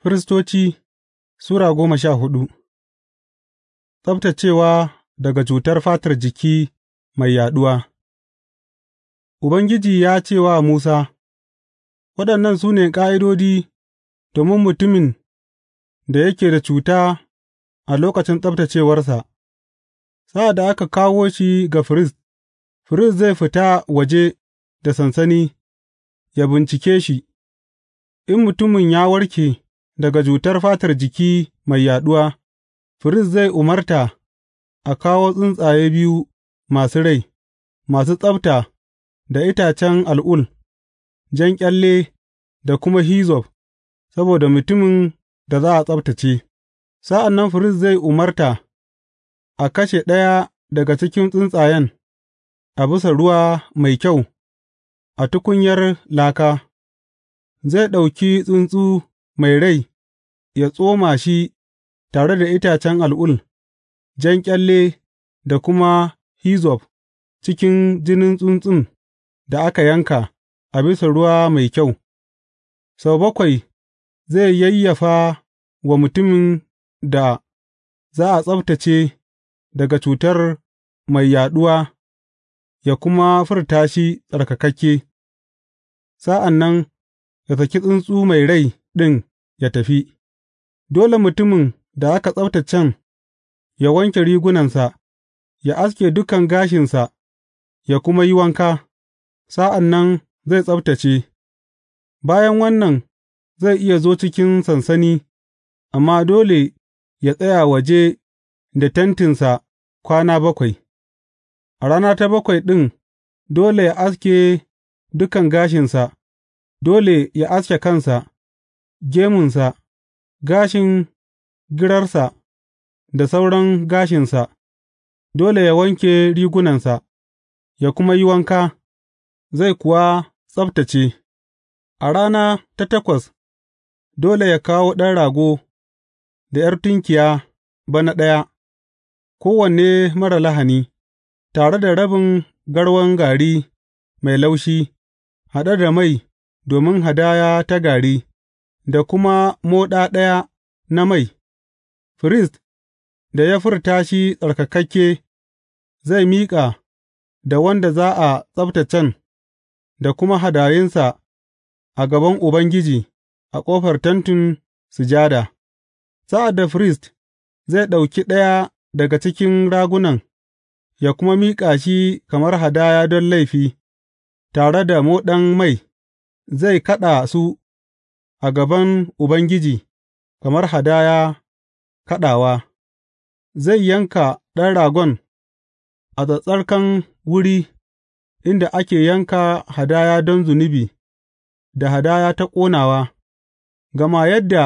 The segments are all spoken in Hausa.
Firistoci Sura goma sha hudu Tsaftacewa daga cutar fatar jiki mai yaɗuwa Ubangiji ya ce wa Musa, Waɗannan su ne ƙa'idodi domin mutumin da yake da cuta a lokacin tsaftacewarsa. sa'ad da aka kawo shi ga firist, firist zai fita waje da sansani, ya bincike shi, in mutumin ya warke. daga jutar fatar jiki mai yaɗuwa, firist zai umarta a kawo tsuntsaye biyu masu rai, masu tsabta da itacen al'ul, jan ƙyalle da kuma hizof, saboda mutumin da za a tsabtace, sa'an nan firist zai umarta a kashe ɗaya daga cikin tsuntsayen a bisa ruwa mai kyau a tukunyar laka, zai ɗauki tsuntsu mai rai ya tsoma shi tare da itacen al'ul, jan ƙyalle da kuma hizof cikin jinin tsuntsun da aka yanka a bisa ruwa mai kyau, sau bakwai zai yayyafa wa mutumin da za a tsabtace daga cutar mai yaɗuwa ya kuma furta shi tsarkakakke, sa'an nan ya saki tsuntsu mai rai. ɗin ya tafi, dole mutumin da aka tsabtaccen ya wanke rigunansa, ya aske dukan gashinsa, ya kuma yi wanka, sa'an nan zai tsabtacce, bayan wannan zai iya zo cikin sansani, amma dole ya tsaya waje da tentinsa kwana bakwai, a rana ta bakwai ɗin dole ya aske dukan gashinsa, dole ya aske kansa. gemunsa, gashin girarsa da sauran gashinsa, dole yă wanke rigunansa, yă kuma yi wanka, zai kuwa tsabtace a rana ta takwas, dole yă kawo ɗan rago da ’yar tunkiya bana ɗaya, kowanne mara lahani, tare da rabin garwan gari mai laushi haɗe da mai domin hadaya ta gari. da kuma moɗa ɗaya na mai, firist da ya furta shi tsarkakakke zai miƙa da wanda za a tsabtaccen da kuma hadayunsa a gaban Ubangiji a ƙofar Tentin Sujada, sa'ad da firist zai ɗauki ɗaya daga cikin ragunan ya kuma miƙa shi kamar hadaya don laifi, tare da moɗan mai, zai kaɗa su a gaban Ubangiji kamar hadaya kaɗawa, zai yanka ɗan ragon a tsattsarkan wuri inda ake yanka hadaya don zunubi da hadaya ta ƙonawa, gama yadda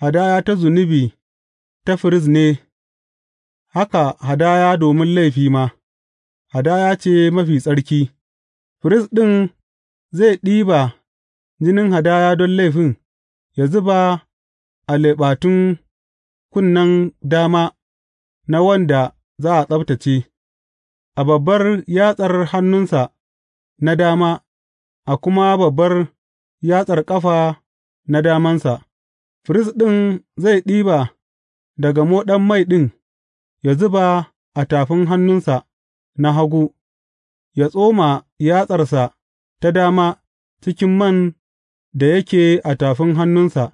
hadaya ta zunubi ta firist ne, haka hadaya domin laifi ma, hadaya ce mafi tsarki, firist ɗin zai ɗiba jinin hadaya don laifin. ya zuba a leɓatun kunnen dama na wanda za a tsabtacce, a babbar yatsar hannunsa na dama, a kuma babbar yatsar ƙafa na damansa, firist ɗin zai ɗiba daga moɗan mai ɗin ya zuba a tafin hannunsa na hagu, ya tsoma yatsarsa ta dama cikin man da yake a tafin hannunsa,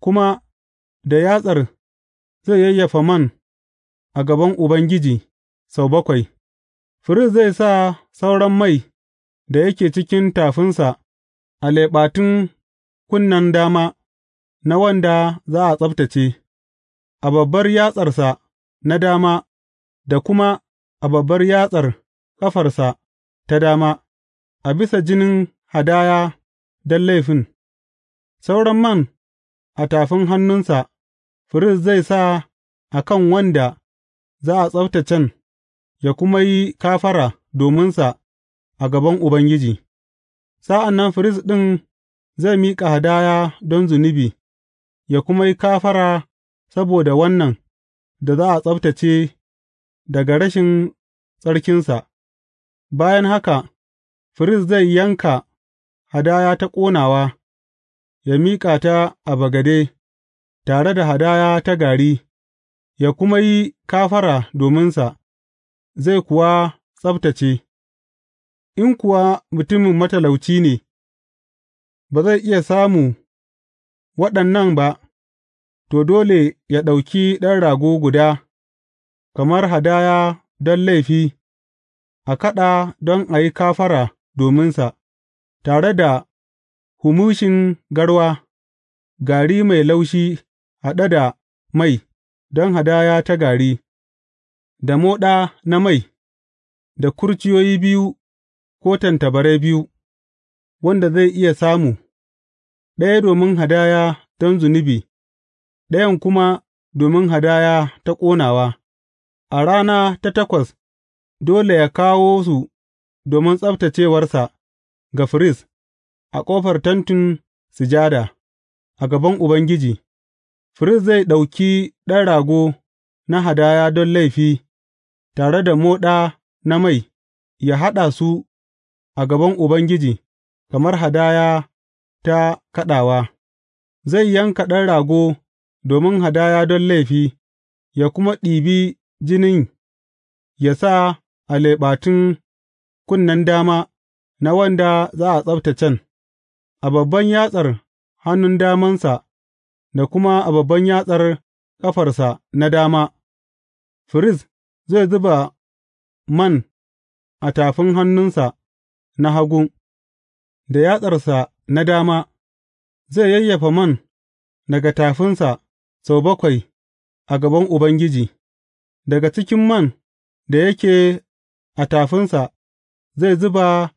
kuma da yatsar zai yayyafa man a gaban Ubangiji sau bakwai, firist zai sa sauran mai da yake cikin tafinsa a leɓatun kunnen dama na wanda za a tsabtacce, a babbar yatsarsa na dama da kuma a babbar yatsar ƙafarsa ta dama, a bisa jinin hadaya don laifin, sauran man a tafin hannunsa firist zai sa a kan wanda za a tsabtaccen ya kuma yi kafara dominsa a gaban Ubangiji, sa'an nan firist ɗin zai miƙa hadaya don zunubi, ya kuma yi kafara saboda wannan da za a tsabtace daga rashin tsarkinsa, bayan haka firist zai yanka. hadaya ta ƙonawa, ya miƙa ta a bagade, tare da hadaya ta gari, ya kuma yi kafara dominsa, zai kuwa tsabtacce, in kuwa mutumin matalauci ne, ba zai iya samu waɗannan ba, to, dole ya ɗauki ɗan rago guda kamar hadaya don laifi a kaɗa don a yi kafara dominsa. tare da humushin garwa, gari mai laushi haɗe da mai don hadaya ta gari, da moɗa na mai, da kurciyoyi biyu ko tantabarai biyu, wanda zai iya samu, ɗaya domin hadaya don zunubi, ɗayan kuma domin hadaya ta ƙonawa, a rana ta takwas dole ya kawo su domin tsabtaccewarsa. ga firist a ƙofar Tentin Sujada, a gaban Ubangiji, firist zai ɗauki ɗan rago na hadaya don laifi tare da moɗa na mai, ya haɗa su a gaban Ubangiji kamar hadaya ta kaɗawa, zai yanka ɗan rago domin hadaya don laifi, ya kuma ɗibi jinin ya sa a leɓatun kunnen dama na wanda za a tsabtaccen, a babban yatsar hannun damansa da kuma a babban yatsar ƙafarsa na dama, firist zai zuba man a tafin hannunsa na hagu, da yatsarsa na dama, zai yayyafa man daga tafinsa sau bakwai a gaban Ubangiji, daga cikin man da yake a tafinsa zai zuba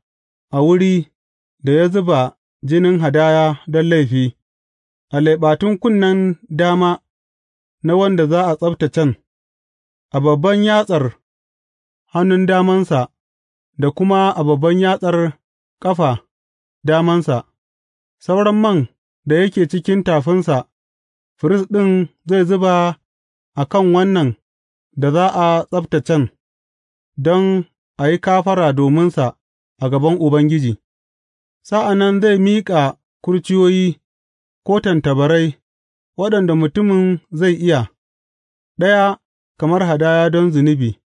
a wuri da ya zuba jinin hadaya don laifi, a leɓatun kunnen dama na wanda za a tsabtaccen, a babban yatsar hannun damansa da kuma a babban yatsar ƙafa damansa, sauran man da yake cikin tafinsa, firist ɗin zai zuba a kan wannan da za a tsabtaccen, don a yi kafara dominsa. a gaban Ubangiji, sa'an nan zai miƙa kurciyoyi ko tattabarai waɗanda mutumin zai iya, ɗaya kamar hadaya don zunubi,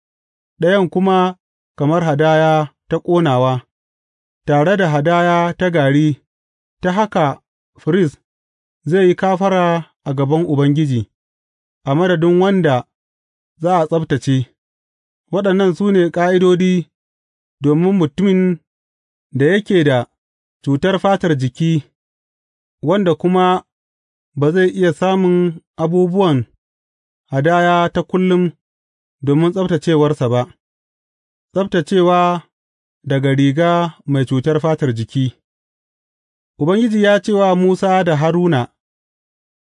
ɗayan kuma kamar hadaya ta ƙonawa, tare da hadaya ta gari, ta haka firist zai yi kafara a gaban Ubangiji, a madadin wanda za a tsabtacce, waɗannan su ne ƙa'idodi. domin mutumin da yake da cutar fatar jiki wanda kuma ba zai iya samun abubuwan hadaya ta kullum domin tsabtaccewarsa ba, tsabtaccewa daga riga mai cutar fatar jiki. Ubangiji ya ce wa Musa da Haruna,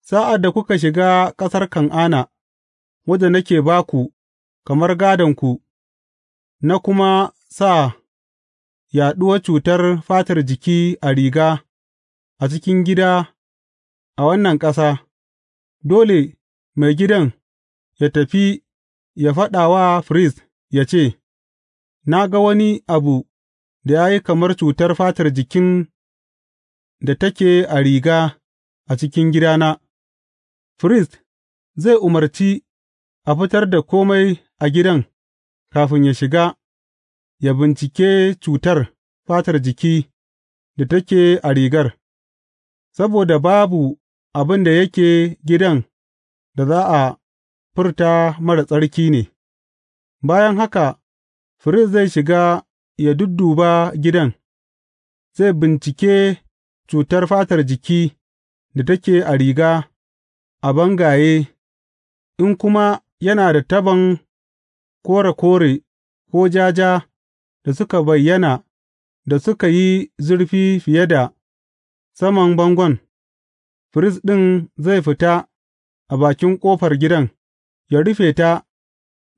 Sa'ad da kuka shiga ƙasar Kan'ana, wadda nake ba ku kamar gādonku, na kuma sa yaɗuwar cutar fatar jiki a riga a cikin gida a wannan ƙasa, dole mai gidan ya tafi ya faɗa wa firist ya ce, Na ga wani abu da ya yi kamar cutar fatar jikin da take a riga a cikin gidana, firist zai umarci a fitar da komai a gidan kafin ya shiga. Ya bincike cutar fatar jiki da take a rigar, saboda babu abin da yake gidan da za a furta mara tsarki ne, bayan haka, firist zai shiga ya dudduba gidan, zai bincike cutar fatar jiki da take a riga a bangaye, in kuma yana da taban kore kore ko jaja ja da suka bayyana da suka yi zurfi fiye da saman bangon, firist ɗin zai fita a bakin ƙofar gidan, ya rufe ta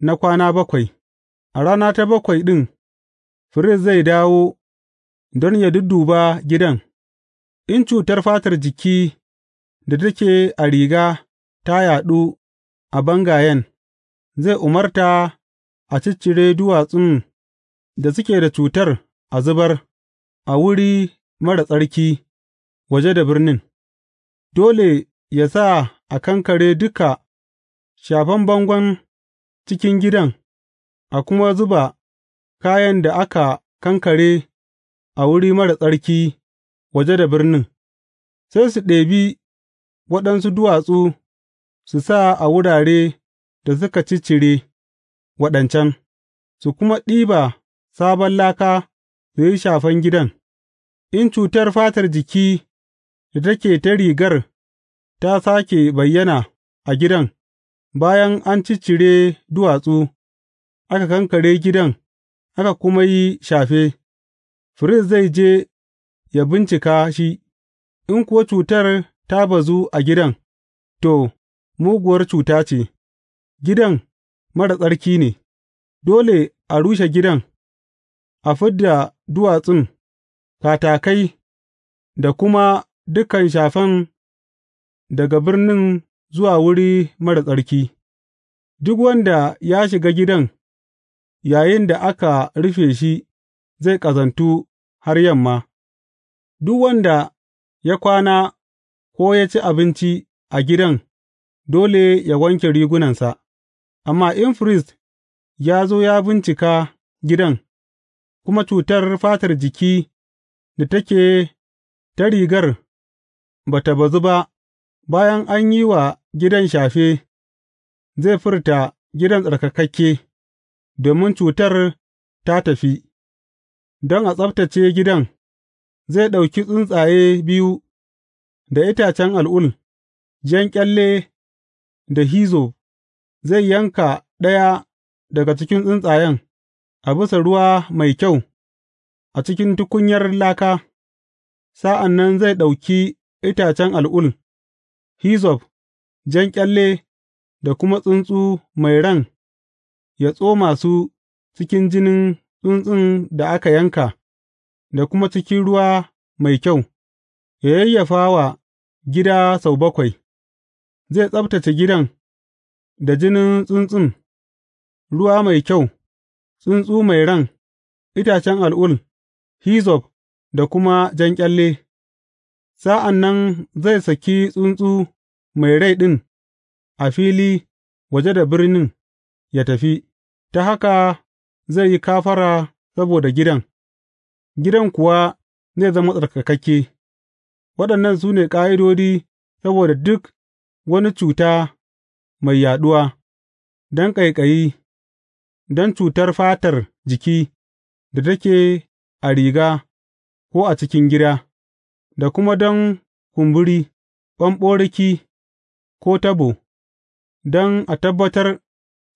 na kwana bakwai, a rana ta bakwai ɗin, firist zai dawo don yă dudduba gidan, in cutar fatar jiki da take a riga ta yaɗu a bangayen, zai umarta a ciccire duwatsun da suke da cutar a zubar a wuri marar tsarki waje da birnin, dole ya sa a kankare duka shafan bangon cikin gidan a kuma zuba kayan da aka kankare a wuri marar tsarki waje da birnin, sai su ɗebi waɗansu duwatsu su sa a wurare da suka ci cire waɗancan, su kuma ɗiba sabon laka su yi shafan gidan, in cutar fatar jiki da take ta rigar ta sāke bayyana a gidan, bayan an ciccire duwatsu, aka kankare gidan, aka kuma yi shafe, firist zai je ya bincika shi, in kuwa cutar ta bazu a gidan, to, muguwar cuta ce, gidan mara tsarki ne, dole a rushe gidan. A fid da duwatsun, katakai da kuma dukan shafan daga birnin zuwa wuri marar tsarki, duk wanda ya shiga gidan yayinda aka rufe shi zai ƙazantu har yamma, duk wanda ya kwana ko ya ci abinci a gidan dole ya wanke rigunansa, amma in firist ya zo ya bincika gidan, kuma cutar fatar jiki da take ta rigar ba ta bazu ba, bayan an yi wa gidan shafe, zai furta gidan tsarkakakke, domin cutar ta tafi, don a tsabtace gidan, zai ɗauki tsuntsaye biyu da itacen al'ul, jan ƙyalle da hizo, zai yanka ɗaya daga cikin tsuntsayen. a bisa ruwa mai kyau a cikin tukunyar laka, sa'an nan zai ɗauki itacen al'ul, hizzob, jan ƙyalle da kuma tsuntsu mai ran ya tsoma su cikin jinin tsuntsun da aka yanka, da kuma cikin ruwa mai kyau, ya yayyafa wa gida sau bakwai, zai tsabtacce gidan da jinin tsuntsun, ruwa mai kyau. tsuntsu mai ran, itacen al'ul, hizzob da kuma jan ƙyalle, sa'an nan zai saki tsuntsu mai rai ɗin a fili waje da birnin ya tafi, ta haka zai yi kafara saboda gidan, gidan kuwa zai zama tsarkakakke. Waɗannan su ne ƙa'idodi saboda duk wani cuta mai yaɗuwa, don ƙaiƙayi. don cutar fatar jiki da take a riga ko a cikin gida, da kuma don kumburi, ɓamɓaroki ko tabo, don a tabbatar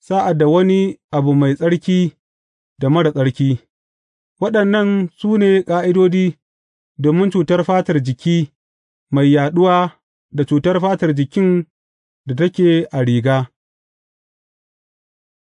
sa'ad da wani abu mai tsarki da mara tsarki, waɗannan su ne ƙa'idodi domin cutar fatar jiki mai yaɗuwa da cutar fatar jikin da take a riga.